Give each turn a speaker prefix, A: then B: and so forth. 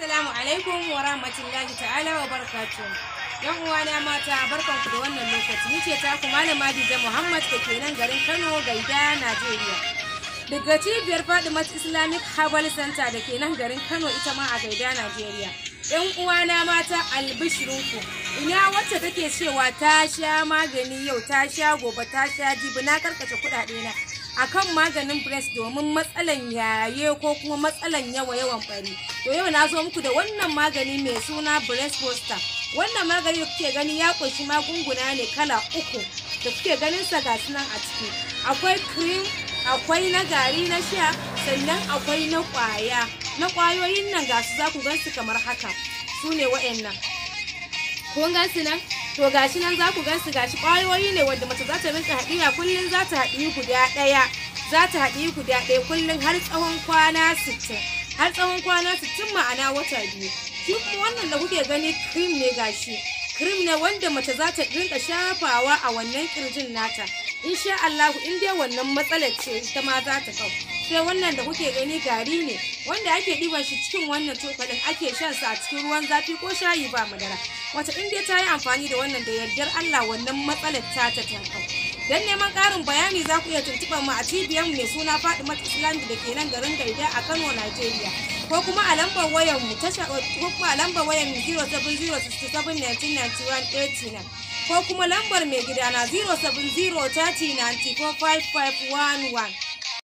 A: Assalamu alaikum wa rahmatullahi ta'ala wa barakatuh. Yan uwana mata barkanku da wannan lokaci. Ni ce taku Malama Dija Muhammad da ke nan garin Kano Gaida, Najeriya. Daga cibiyar Fadimat Islamic Herbal Center da ke nan garin Kano ita ma a Gaida, Najeriya. Yan uwana mata albishirinku. Ina wacce take cewa ta sha magani yau ta sha gobe ta sha jibi na karkace kuɗaɗe na. akan maganin breast domin matsalan yaye ko kuma matsalan yawa yawan bari to yau na zo muku da wannan magani mai suna breast booster wannan magani da kuke gani ya kunshi magunguna ne kala uku da kuke ganin sa ga sunan a ciki akwai cream akwai na gari na sha sannan akwai na kwaya na kwayoyin nan ga su za ku gan su kamar haka su ne wa'annan kun gan su nan to gashi nan za ku gansu gashi ƙwayoyi ne wanda mace za ta rinka haɗiya kullum za ta haɗi guda ɗaya za ta haɗi guda ɗaya kullum har tsawon kwana sittin har tsawon kwana sittin ma'ana wata biyu shi kuma wannan da kuke gani cream ne gashi cream ne wanda mace za ta rinka shafawa a wannan kirjin nata insha Allah in dai wannan matsalar ce ita ma za ta kau sai wannan da kuke gani gari ne wanda ake ɗiban shi cikin wannan cokalin ake shan sa a cikin ruwan zafi ko shayi ba madara wata in dai ta yi amfani da wannan da yardar Allah wannan matsalar ta ta tankau dan neman ƙarin bayani za ku iya tuntuɓar mu a cibiyar mai suna Fatima Islam da ke nan garin gaida a Kano Najeriya ko kuma a lambar wayar mu ta ko kuma a lambar wayar mu 0707 1991 ko kuma lambar mai gidana 070 30 94 5511